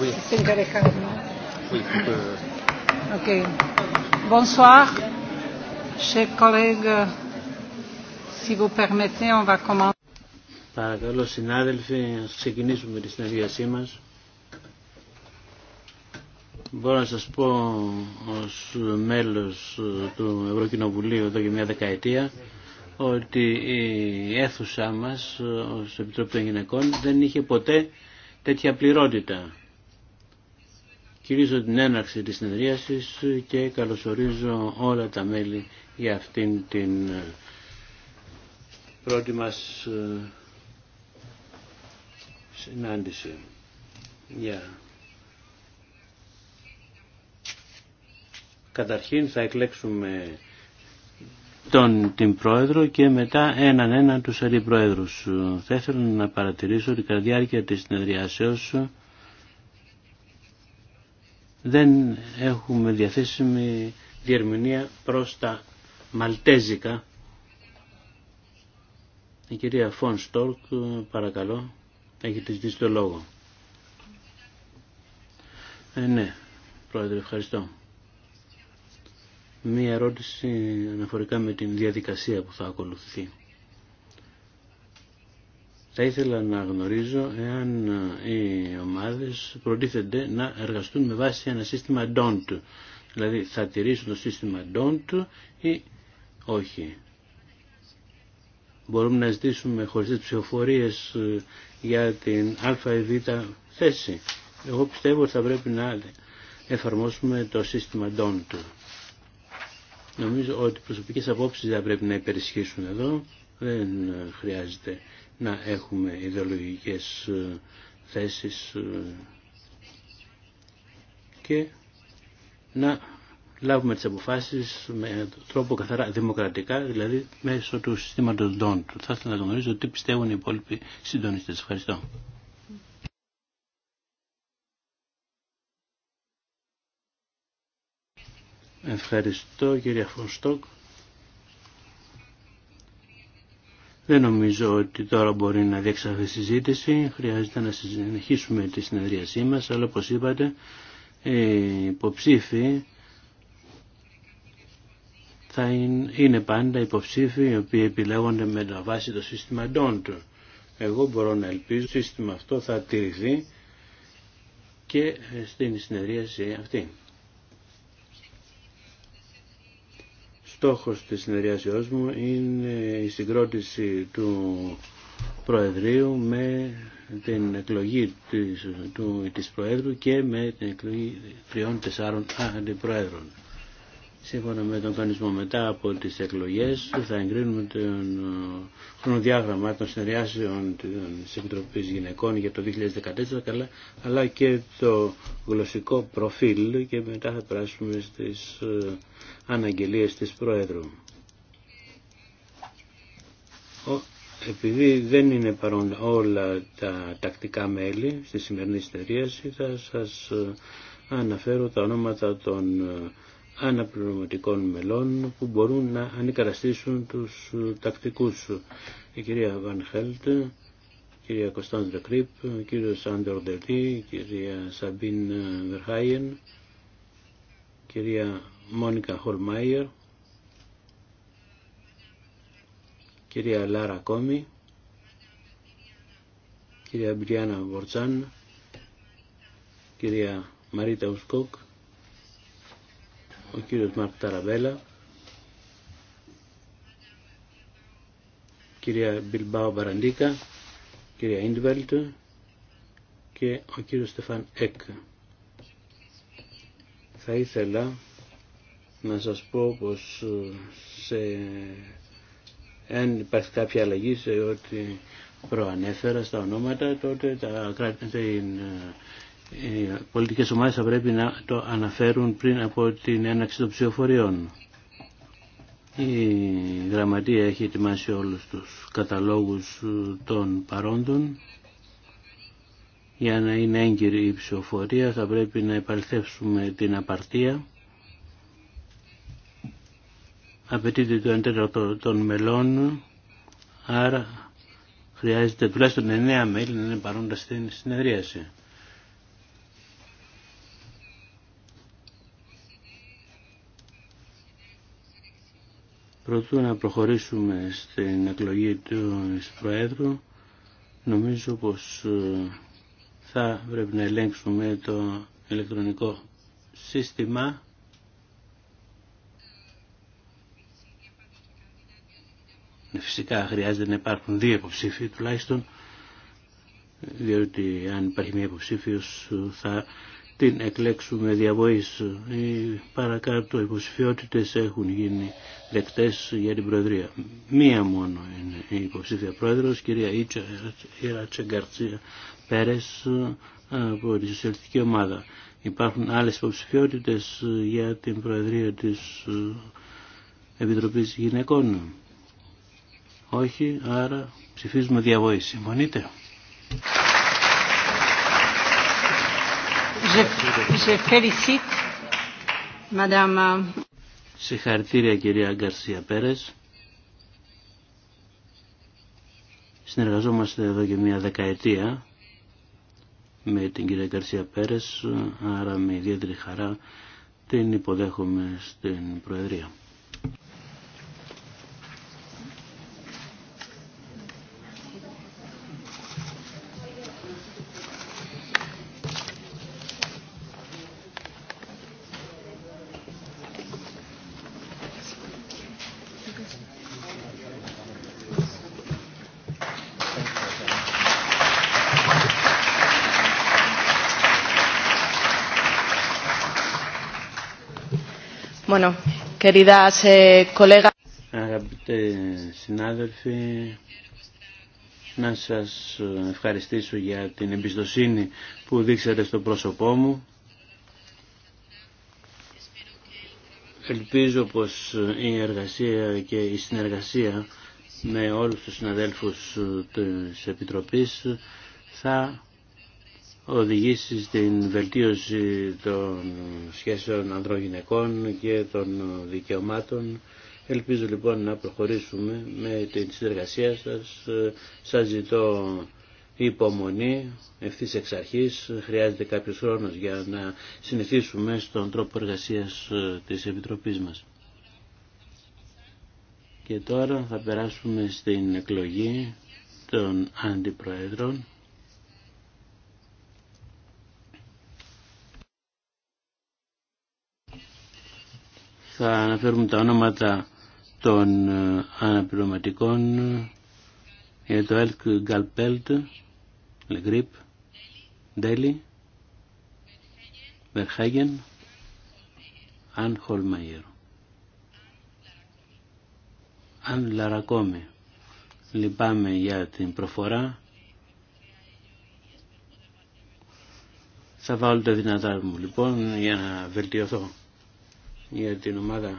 Oui. Oui, Ok. Bonsoir, chers collègues. Si vous permettez, on va commencer. Παρακαλώ συνάδελφοι, να ξεκινήσουμε τη συνεργασία μας. Μπορώ να σας πω ως μέλος του Ευρωκοινοβουλίου εδώ και μια δεκαετία ότι η αίθουσά μας ως Επιτροπή των Γυναικών δεν είχε ποτέ τέτοια πληρότητα. Κυρίζω την έναρξη της συνεδρίασης και καλωσορίζω όλα τα μέλη για αυτήν την ε, πρώτη μας ε, συνάντηση. Yeah. Καταρχήν θα εκλέξουμε τον την Πρόεδρο και μετά έναν έναν τους αντιπρόεδρους. Θα ήθελα να παρατηρήσω ότι κατά διάρκεια της συνεδριάσεως δεν έχουμε διαθέσιμη διερμηνία προς τα Μαλτέζικα. Η κυρία Φων Στόρκ, παρακαλώ, έχετε ζητήσει το λόγο. Ε, ναι, Πρόεδρε, ευχαριστώ μία ερώτηση αναφορικά με την διαδικασία που θα ακολουθεί. Θα ήθελα να γνωρίζω εάν οι ομάδες προτίθενται να εργαστούν με βάση ένα σύστημα DONT. Δηλαδή θα τηρήσουν το σύστημα DONT ή όχι. Μπορούμε να ζητήσουμε χωριστές ψηφοφορίες ε, για την α ή β θέση. Εγώ πιστεύω ότι θα πρέπει να εφαρμόσουμε το σύστημα DONT. Νομίζω ότι οι προσωπικές απόψεις δεν πρέπει να υπερισχύσουν εδώ. Δεν ε, χρειάζεται να έχουμε ιδεολογικές ε, θέσεις ε, και να λάβουμε τις αποφάσεις με τρόπο καθαρά δημοκρατικά, δηλαδή μέσω του συστήματος DONT. Θα ήθελα να γνωρίζω τι πιστεύουν οι υπόλοιποι συντονιστές. Ευχαριστώ. Ευχαριστώ κύριε Φωνστόκ. Δεν νομίζω ότι τώρα μπορεί να διεξαχθεί συζήτηση. Χρειάζεται να συνεχίσουμε τη συνεδρίασή μας, αλλά όπως είπατε οι υποψήφοι θα είναι πάντα υποψήφοι οι οποίοι επιλέγονται με τα βάση το σύστημα του. Εγώ μπορώ να ελπίζω το σύστημα αυτό θα τηρηθεί και στην συνεδρίαση αυτή. στόχος της συνεργασίας μου είναι η συγκρότηση του Προεδρείου με την εκλογή της, του, της Προέδρου και με την εκλογή τριών-τεσσάρων αντιπροέδρων. Σύμφωνα με τον κανονισμό μετά από τις εκλογές θα εγκρίνουμε το ε, χρονοδιάγραμμα των συνεργάσεων της Επιτροπής Γυναικών για το 2014 αλλά και το γλωσσικό προφίλ και μετά θα περάσουμε στις ε, αναγγελίες της Πρόεδρου. Επειδή δεν είναι παρόν όλα τα τακτικά μέλη στη σημερινή συνεδρίαση θα σας ε, αναφέρω τα ονόματα των αναπληρωματικών μελών που μπορούν να ανικαραστήσουν τους ε, τακτικούς. Η κυρία Βαν Χέλτ, η κυρία Κωνσταντζα Κρύπ, ο κύριος Άντερ η κυρία Σαμπίν Βερχάιεν, η κυρία Μόνικα Χολμάιερ, η κυρία Λάρα Κόμι, κυρία Μπριάννα Βορτσάν, κυρία Μαρίτα Ουσκόκ, ο κύριος Μαρκ Ταραβέλα, κυρία Μπιλμπάου Μπαραντίκα, κυρία Ιντβέλτ και ο κύριος Στεφάν Εκ. Θα ήθελα να σας πω πως σε... αν υπάρχει κάποια αλλαγή σε ό,τι προανέφερα στα ονόματα, τότε τα κράτη οι πολιτικές ομάδες θα πρέπει να το αναφέρουν πριν από την έναξη των ψηφοφοριών. Η γραμματεία έχει ετοιμάσει όλους τους καταλόγους ε, των παρόντων. Για να είναι έγκυρη η ψηφοφορία θα πρέπει να επαληθεύσουμε την απαρτία. Απαιτείται το 1 των μελών, άρα χρειάζεται τουλάχιστον 9 μέλη να είναι παρόντα στην συνεδρίαση. Προτού να προχωρήσουμε στην εκλογή του Προέδρου, νομίζω πως ε, θα πρέπει να ελέγξουμε το ηλεκτρονικό σύστημα. Ε, φυσικά χρειάζεται να υπάρχουν δύο υποψήφοι τουλάχιστον, διότι αν υπάρχει μία υποψήφιος ε, θα την εκλέξουμε διαβοής. Ε, οι παρακάτω υποψηφιότητες έχουν γίνει δεκτές για την Προεδρία. Μία μόνο είναι η υποψήφια Πρόεδρος, κυρία Ιράτσε Γκαρτσία Πέρες από τη Σοσιαλιστική Ομάδα. Υπάρχουν άλλες υποψηφιότητες για την Προεδρία της ε, Επιτροπής Γυναικών. Όχι, άρα ψηφίζουμε διαβοή. Συμφωνείτε. Συγχαρητήρια κυρία Γκαρσία Πέρες. Συνεργαζόμαστε εδώ και μια δεκαετία με την κυρία Γκαρσία Πέρες, άρα με ιδιαίτερη χαρά την υποδέχομαι στην Προεδρία. Eh, Αγαπητοί Αγαπητέ συνάδελφοι, να σας ε, ευχαριστήσω για την εμπιστοσύνη που δείξατε στο πρόσωπό μου. Ελπίζω πως η εργασία και η συνεργασία με όλους τους συναδέλφους ε, της Επιτροπής θα οδηγήσει στην βελτίωση των σχέσεων ανδρογυναικών και των δικαιωμάτων. Ελπίζω λοιπόν να προχωρήσουμε με την συνεργασία σας. Σας ζητώ υπομονή ευθύς εξ αρχής. Χρειάζεται κάποιος χρόνος για να συνηθίσουμε στον τρόπο εργασίας ε, της Επιτροπής μας. Και τώρα θα περάσουμε στην εκλογή των αντιπροέδρων. θα αναφέρουμε τα ονόματα των ε, αναπληρωματικών ε, για το ΕΛΚ Γκαλπέλτ, Grip, Ντέλη, Βερχάγεν, Αν Holmeyer. Αν Λαρακόμε. Λυπάμαι για την προφορά. Θα βάλω το δυνατά μου λοιπόν για να βελτιωθώ για την ομάδα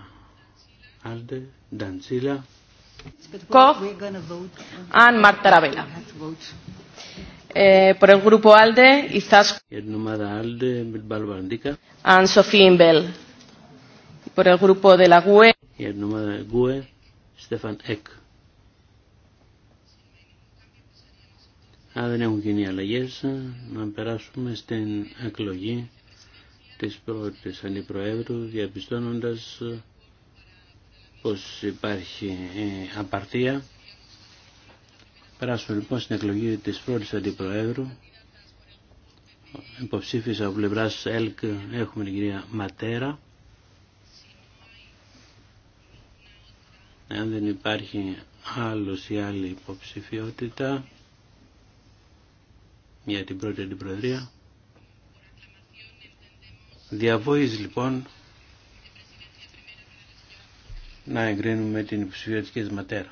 Άλτε, Νταντσίλα. Κοχ, Αν Μαρταραβέλα. Por ε, el grupo ALDE, Για την ομάδα ALDE, Μπιλμπάλ Βαρντίκα. Αν Σοφία Ιμπέλ. Por el grupo de e. Για την ομάδα GUE, Στέφαν Εκ. Αν δεν έχουν γίνει αλλαγές, να περάσουμε στην εκλογή της πρώτη αντιπροέδρου διαπιστώνοντας ε, πως υπάρχει ε, απαρτία. Περάσουμε λοιπόν στην εκλογή της πρώτης αντιπροέδρου. Υποψήφισα από πλευρά ΕΛΚ έχουμε την κυρία Ματέρα. Εάν δεν υπάρχει άλλος ή άλλη υποψηφιότητα για την πρώτη αντιπροεδρία. Διαβόης λοιπόν να εγκρίνουμε την υποψηφία της Ματέρα.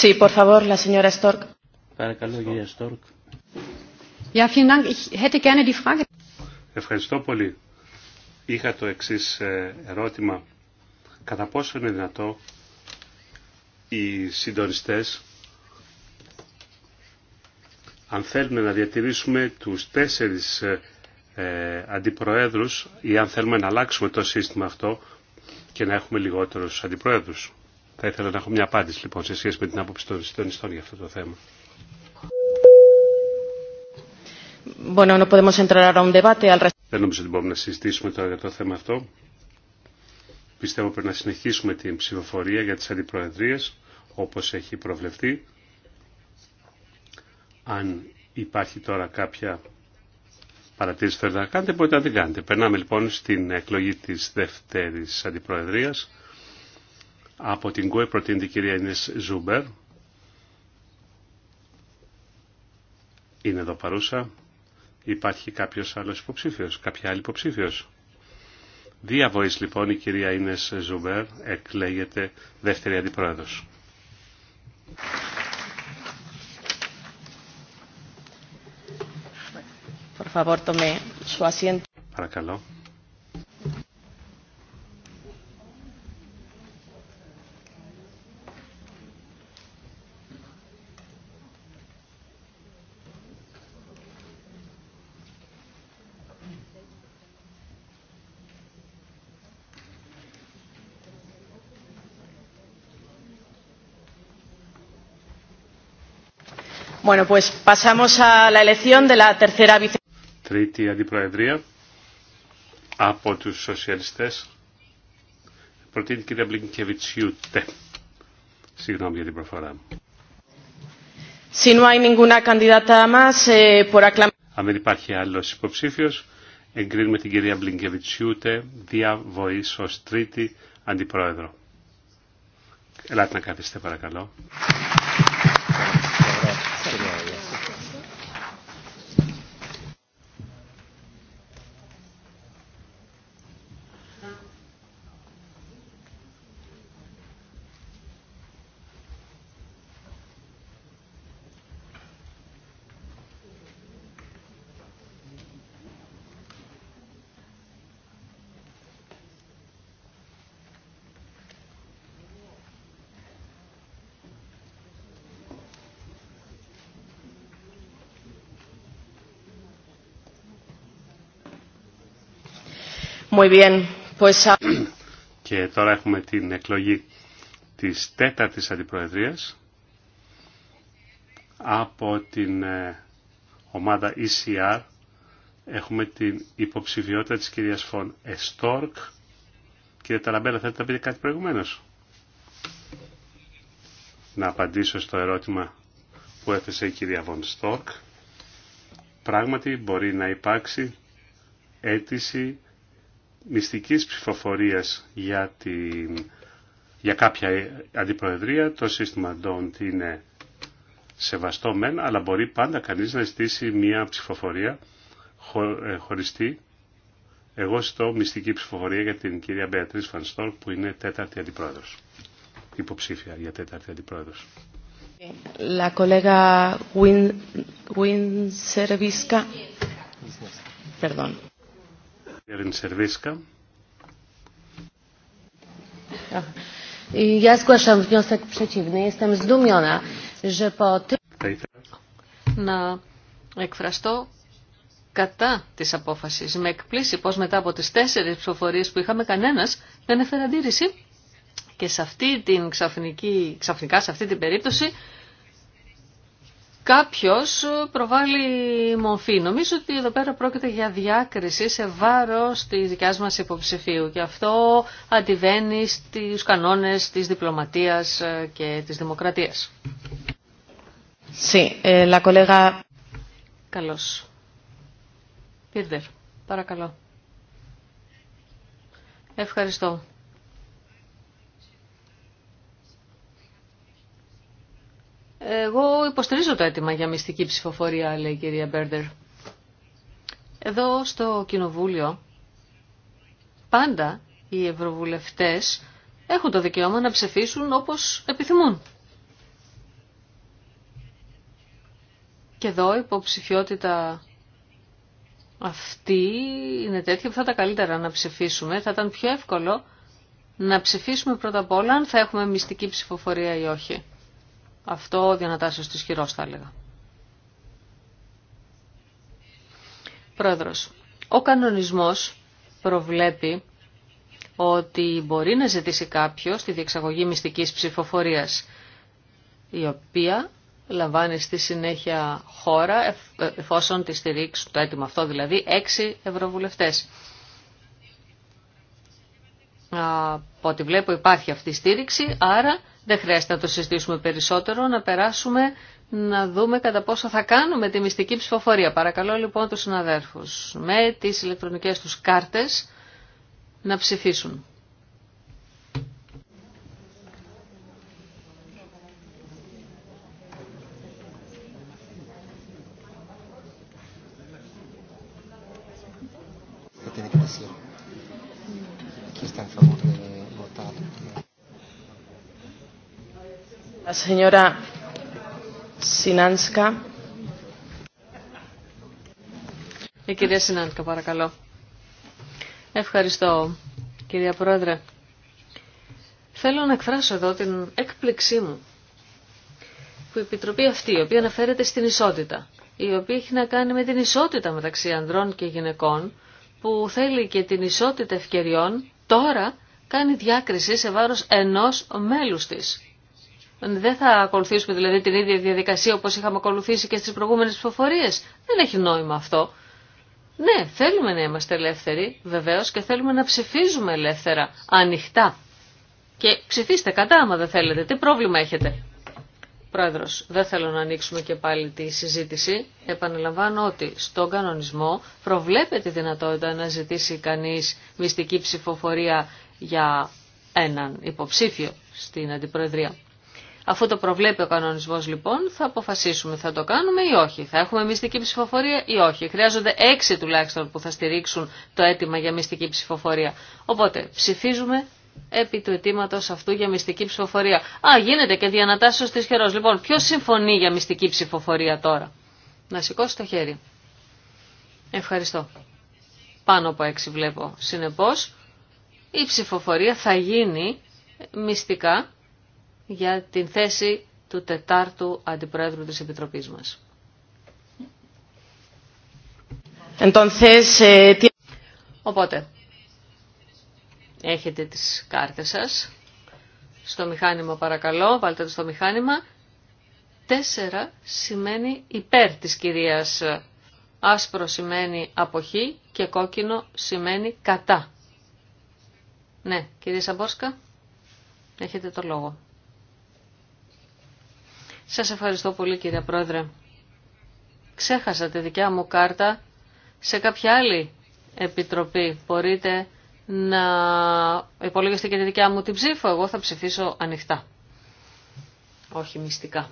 Sí, por favor, la señora Stork. Παρακαλώ, κυρία Στόρκ. Ευχαριστώ πολύ είχα το εξής ε, ερώτημα. Κατά πόσο είναι δυνατό οι συντονιστές αν θέλουμε να διατηρήσουμε τους τέσσερις ε, ε, αντιπροέδρους ή αν θέλουμε να αλλάξουμε το σύστημα αυτό και να έχουμε λιγότερους αντιπροέδρους. Θα ήθελα να έχω μια απάντηση λοιπόν σε σχέση με την άποψη των συντονιστών για αυτό το θέμα. bueno, no podemos entrar ahora a un debate al Δεν νομίζω ότι μπορούμε να συζητήσουμε τώρα για το θέμα αυτό. Πιστεύω πρέπει να συνεχίσουμε την ψηφοφορία για τις αντιπροεδρίες όπως έχει προβλεφθεί. Αν υπάρχει τώρα κάποια παρατήρηση που θέλετε να κάνετε, μπορείτε να την κάνετε. Περνάμε λοιπόν στην εκλογή της δεύτερης αντιπροεδρίας. Από την ΚΟΕ προτείνεται η κυρία Ινές Ζούμπερ. Είναι εδώ παρούσα. Υπάρχει κάποιο άλλο υποψήφιο, κάποια άλλη υποψήφιος. βοή λοιπόν η κυρία Ίνες Ζουμπέρ εκλέγεται δεύτερη αντιπρόεδρος. Παρακαλώ. pasamos a la elección de la tercera vice... Τρίτη αντιπροεδρία από τους σοσιαλιστές. Προτείνει κυρία Μπλινκεβιτσιούτε. Συγγνώμη για την προφορά μου. Si no hay ninguna candidata más, eh, por Αν δεν υπάρχει άλλος υποψήφιος, εγκρίνουμε την κυρία Μπλινκεβιτσιούτε δια ω τρίτη αντιπρόεδρο. Ελάτε να καθίσετε παρακαλώ. Και τώρα έχουμε την εκλογή της τέταρτης αντιπροεδρίας από την ε, ομάδα ECR έχουμε την υποψηφιότητα της κυρίας Φων Εστόρκ. Κύριε Ταραμπέλα, θέλετε να πείτε κάτι προηγουμένως. Να απαντήσω στο ερώτημα που έθεσε η κυρία Βον Στόρκ. Πράγματι μπορεί να υπάρξει αίτηση μυστικής ψηφοφορίας για, την, για κάποια αντιπροεδρία. Το σύστημα DONT είναι σεβαστό μεν, αλλά μπορεί πάντα κανείς να ζητήσει μια ψηφοφορία χω, ε, χωριστή. Εγώ ζητώ μυστική ψηφοφορία για την κυρία Μπέατρις Φανστόρ που είναι τέταρτη αντιπρόεδρος. Υποψήφια για τέταρτη αντιπρόεδρος. La colega Win, Win Servisca. Perdón. Να εκφραστώ κατά της απόφασης. Με εκπλήσει πως μετά από τις τέσσερις ψηφοφορίες που είχαμε κανένας δεν έφερε αντίρρηση και σε αυτή την ξαφνική, ξαφνικά σε αυτή την περίπτωση κάποιος ε, προβάλλει μορφή. Νομίζω ότι εδώ πέρα πρόκειται για διάκριση σε βάρος της δικιάς μας υποψηφίου και αυτό αντιβαίνει στου κανόνες της διπλωματίας ε, και της δημοκρατίας. Sí, eh, la colega... Καλώς. Πίρτερ, παρακαλώ. Ευχαριστώ. Εγώ υποστηρίζω το αίτημα για μυστική ψηφοφορία, λέει η κυρία Μπέρντερ. Εδώ στο Κοινοβούλιο πάντα οι ευρωβουλευτές έχουν το δικαίωμα να ψηφίσουν όπως επιθυμούν. Και εδώ η υποψηφιότητα αυτή είναι τέτοια που θα τα καλύτερα να ψηφίσουμε. Θα ήταν πιο εύκολο να ψηφίσουμε πρώτα απ' όλα αν θα έχουμε μυστική ψηφοφορία ή όχι. Αυτό διανατάσσεως της χειρό θα έλεγα. Πρόεδρος, ο κανονισμός προβλέπει ότι μπορεί να ζητήσει κάποιος τη διεξαγωγή μυστικής ψηφοφορίας, η οποία λαμβάνει στη συνέχεια χώρα, εφόσον τη στηρίξουν το έτοιμο αυτό, δηλαδή έξι ευρωβουλευτές. Από ό,τι βλέπω υπάρχει αυτή η στήριξη, άρα δεν χρειάζεται να το συζητήσουμε περισσότερο, να περάσουμε να δούμε κατά πόσο θα κάνουμε τη μυστική ψηφοφορία. Παρακαλώ λοιπόν τους συναδέρφους με τις ηλεκτρονικές τους κάρτες να ψηφίσουν. Η κυρία Σινάνσκα, παρακαλώ. Ευχαριστώ, κυρία Πρόεδρε. Θέλω να εκφράσω εδώ την έκπληξή μου που η Επιτροπή αυτή, η οποία αναφέρεται στην ισότητα, η οποία έχει να κάνει με την ισότητα μεταξύ ανδρών και γυναικών, που θέλει και την ισότητα ευκαιριών, τώρα κάνει διάκριση σε βάρος ενός μέλους της. Δεν θα ακολουθήσουμε δηλαδή την ίδια διαδικασία όπως είχαμε ακολουθήσει και στις προηγούμενες ψηφοφορίες. Δεν έχει νόημα αυτό. Ναι, θέλουμε να είμαστε ελεύθεροι, βεβαίως, και θέλουμε να ψηφίζουμε ελεύθερα, ανοιχτά. Και ψηφίστε κατά άμα δεν θέλετε. Τι πρόβλημα έχετε. Πρόεδρος, δεν θέλω να ανοίξουμε και πάλι τη συζήτηση. Επαναλαμβάνω ότι στον κανονισμό προβλέπεται η δυνατότητα να ζητήσει κανείς μυστική ψηφοφορία για έναν υποψήφιο στην Αντιπροεδρία. Αφού το προβλέπει ο κανονισμός λοιπόν θα αποφασίσουμε θα το κάνουμε ή όχι. Θα έχουμε μυστική ψηφοφορία ή όχι. Χρειάζονται έξι τουλάχιστον που θα στηρίξουν το αίτημα για μυστική ψηφοφορία. Οπότε ψηφίζουμε επί του αιτήματο αυτού για μυστική ψηφοφορία. Α, γίνεται και διανατάσσεω της χερός. Λοιπόν, ποιο συμφωνεί για μυστική ψηφοφορία τώρα. Να σηκώσει το χέρι. Ευχαριστώ. Πάνω από έξι βλέπω. Συνεπώ, η ψηφοφορία θα γίνει μυστικά για την θέση του τετάρτου αντιπρόεδρου της Επιτροπής μας. Eh, Οπότε, έχετε τις κάρτες σας. Στο μηχάνημα παρακαλώ, βάλτε το στο μηχάνημα. Τέσσερα σημαίνει υπέρ της κυρίας. Άσπρο σημαίνει αποχή και κόκκινο σημαίνει κατά. Ναι, κυρία Σαμπόσκα, έχετε το λόγο. Σας ευχαριστώ πολύ κύριε Πρόεδρε. Ξέχασα τη δικιά μου κάρτα σε κάποια άλλη επιτροπή. Μπορείτε να υπολογιστε και τη δικιά μου την ψήφο. Εγώ θα ψηφίσω ανοιχτά. Όχι μυστικά.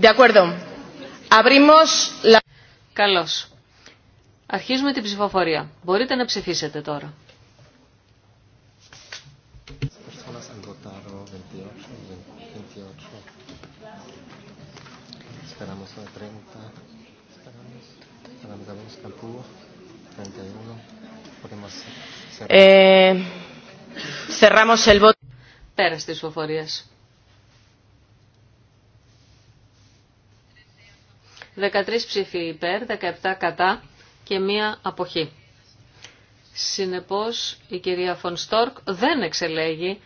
De acuerdo. Abrimos la... Καλώς. Αρχίζουμε την ψηφοφορία. Μπορείτε να ψηφίσετε τώρα. Esperamos la 30. Esperamos. Esperamos a Campúa. 31. Podemos cerrar. Eh, Cerramos el voto. Πέρα τη ψηφοφορία. 13 ψήφοι υπέρ, 17 κατά και μία αποχή. Συνεπώς η κυρία Φον Στόρκ δεν εξελέγει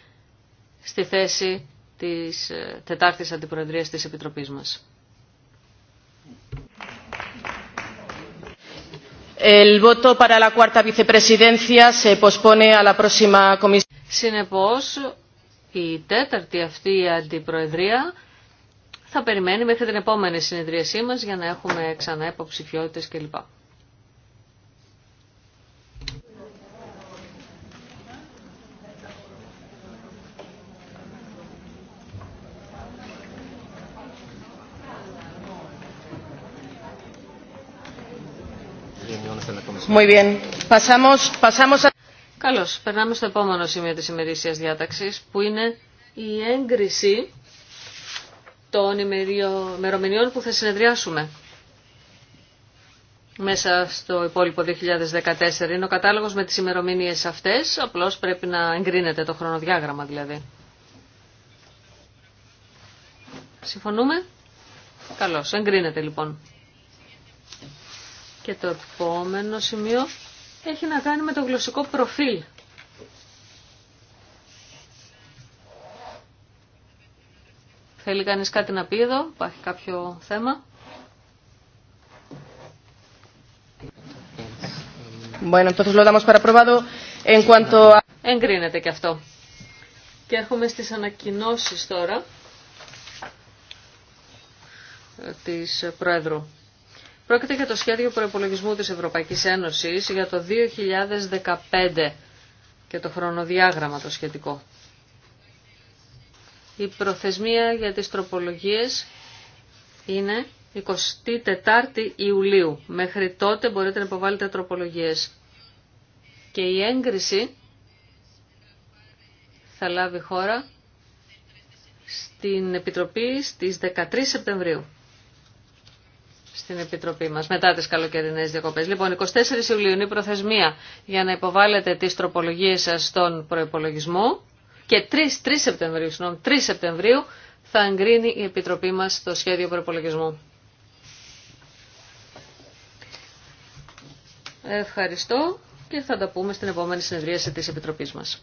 στη θέση της τετάρτης αντιπροεδρίας της Επιτροπής μας. El Συνεπώς, η τέταρτη αυτή αντιπροεδρία θα περιμένει μέχρι την επόμενη συνεδρίασή μας για να έχουμε ξανά υποψηφιότητες κλπ. Καλώ. Καλώς. Περνάμε στο επόμενο σημείο της ημερήσιας διάταξης που είναι η έγκριση των ημερομηνιών που θα συνεδριάσουμε μέσα στο υπόλοιπο 2014. Είναι ο κατάλογος με τις ημερομηνίες αυτές, απλώς πρέπει να εγκρίνεται το χρονοδιάγραμμα δηλαδή. Συμφωνούμε? Καλώς, εγκρίνεται λοιπόν. Και το επόμενο σημείο έχει να κάνει με το γλωσσικό προφίλ. Θέλει κανείς κάτι να πει εδώ, υπάρχει κάποιο θέμα. Bueno, entonces lo damos para probado. En cuanto a... Εγκρίνεται και αυτό. Και έρχομαι στις ανακοινώσεις τώρα ε, της Πρόεδρου. Πρόκειται για το σχέδιο προπολογισμού της Ευρωπαϊκής Ένωσης για το 2015 και το χρονοδιάγραμμα το σχετικό. Η προθεσμία για τις τροπολογίες είναι 24η Ιουλίου. Μέχρι τότε μπορείτε να υποβάλλετε τροπολογίες. Και η έγκριση θα λάβει χώρα στην Επιτροπή στις 13 Σεπτεμβρίου στην Επιτροπή μας μετά τις καλοκαιρινές διακοπές. Λοιπόν, 24 Ιουλίου είναι η προθεσμία για να υποβάλλετε τις τροπολογίες σας στον προϋπολογισμό και 3, 3, Σεπτεμβρίου, συγνώμη, 3 Σεπτεμβρίου θα εγκρίνει η Επιτροπή μας το σχέδιο προϋπολογισμού. Ευχαριστώ και θα τα πούμε στην επόμενη συνεδρίαση της Επιτροπής μας.